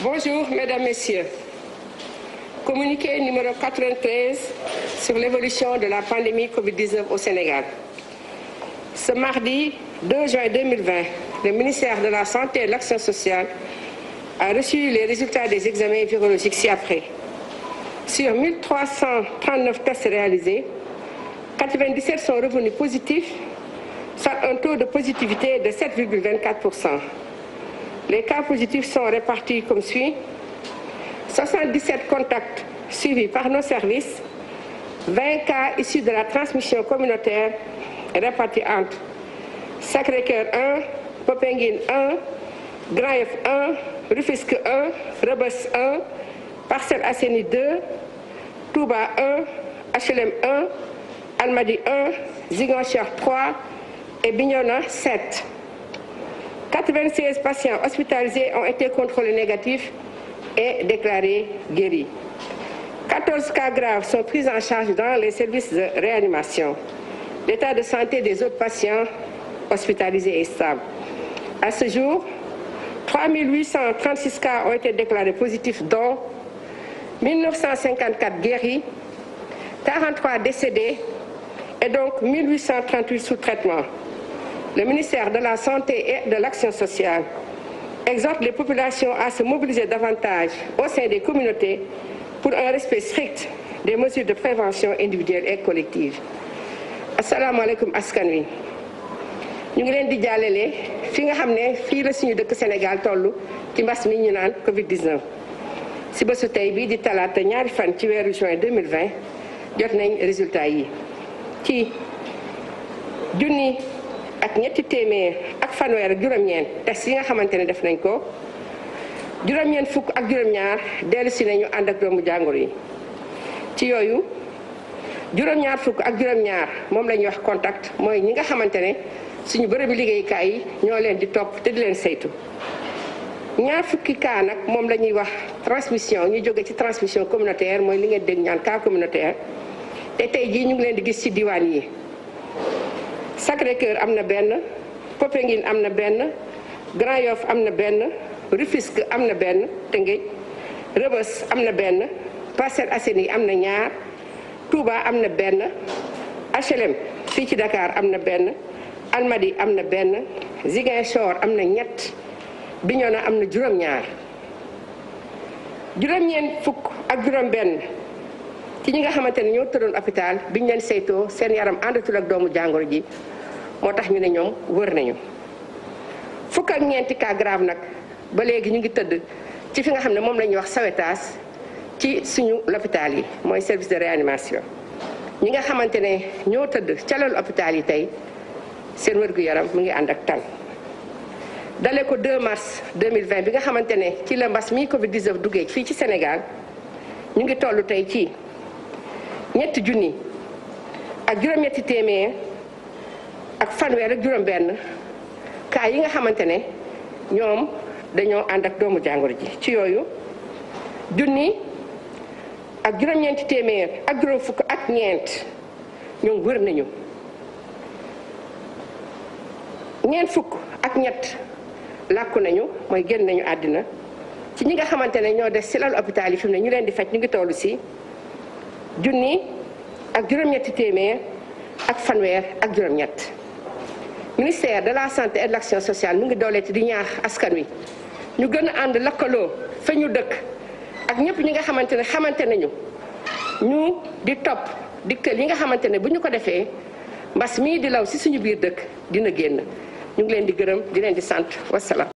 Bonjour, Mesdames, Messieurs. Communiqué numéro 93 sur l'évolution de la pandémie COVID-19 au Sénégal. Ce mardi 2 juin 2020, le ministère de la Santé et de l'Action les résultats des examens virologiques ci-après. Sur 1339 tests 97 sont revenus positifs, soit un taux de positivité de 7,24%. Les cas positifs sont répartis comme suit. 77 contacts suivis par nos services, 20 cas issus de la transmission communautaire répartis entre Sacré-Cœur 1, Popinguine 1, Grand F 1, Rufisque 1, Rebus 1, Parcelle Asseni 2, Touba 1, HLM 1, Almadi 1, Ziganchère 3 et Bignona 7. 96 patients hospitalisés ont été contrôlés négatifs et déclarés guéris. 14 en charge les services de réanimation. L'état de santé des autres patients hospitalisés est stable. À ce jour, 3836 cas ont été déclarés positifs, dont 1954 guéris, et donc 1838 sous traitement. Le ministère de la Santé et de l'Action sociale exhorte les populations à se mobiliser davantage au sein des communautés pour un respect strict des mesures de prévention individuelle et collective. asalaamaaleykum askan wi ñu ngi leen di jàllale fi nga xam ne fii la suñu dëkk Sénégal toll ci mbas mi ñu naan Covid 19. si bésu tey bii di talaata ñaari fan ci weeru juin 2020 jot nañ résultat yi. ci junni ak ñetti téeméer ak fanweer ak juróom-ñeent test yi nga xamante ne def nañ ko juróom-ñeent fukk ak juróom-ñaar dellusi nañu ànd ak doomu jàngoro yi ci yooyu juróom-ñaar fukk ak juróom-ñaar moom la ñuy wax contact mooy ñi nga xamante ne suñu bërëb liggéeyukaay yi ñoo leen di topp te di leen saytu ñaar fukki cas nag moom la ñuy wax transmission ñu jóge ci transmission communautaire mooy li ngeen dégg ñaan cas communautaire te tey jii ñu ngi leen di gis ci diwaan yi Sacré-Cœur am na benn Popenguine am na benn Grand Yoff am na benn Rufisque am na benn Tëngéej Rebeuss am na benn Parcelles yi am na ñaar Touba am na benn HLM fii ci Dakar am na benn Almadi am na benn Ziguinchor am na ñett Bignona am na juróom-ñaar juróom-ñeent fukk ak juróom-benn. ci ñi nga xamante ne ñoo tëddoon bi biñ leen saytoo seen yaram àndatul ak doomu jàngoro ji moo tax ñu ne ñoom wër nañu fukk ak ñeenti cas nag ba léegi ñu ngi tëdd ci fi nga xam ne moom lañuy wax sawetaas ci suñu l'hôpital yi mooy service de réanimation ñi nga xamante ne ñoo tëdd ca loolu hôpital yi tey seen wér-gu-yaram mu ngi ànd ak tan dale ko 2 mars 2020 bi nga xamante ne ci la mbas mii covid 19 duggee fii ci senegal ñu ngi toll tey ci ñett junni ak juróom-ñetti téeméer ak fanweer ak juróom-benn cas yi nga xamante ne ñoom dañoo ànd ak doomu jàngoro ji ci yooyu junni ak juróom-ñeenti téeméer ak juróom fukk ak ñeent ñoom wër nañu ñeent fukk ak ñett làkku nañu mooy génn nañu àddina ci ñi nga xamante ne ñoo des ci lalu hôpital yi fi mu ne ñu leen di faj ñu ngi tollu ci junni ak juróom-ñetti téeméer ak fanweer ak juróom-ñett ministère de la santé et de l'action sociale mu ngi doolee ci di ñaax askan wi ñu gën a ànd lakkaloo fa ñu dëkk ak ñëpp ñi nga xamante ne xamante nañu ñu di topp digteel yi nga xamante ne bu ñu ko defee mbas mii di law ci suñu biir dëkk dina génn ñu ngi leen di gërëm di leen di sant wasalaam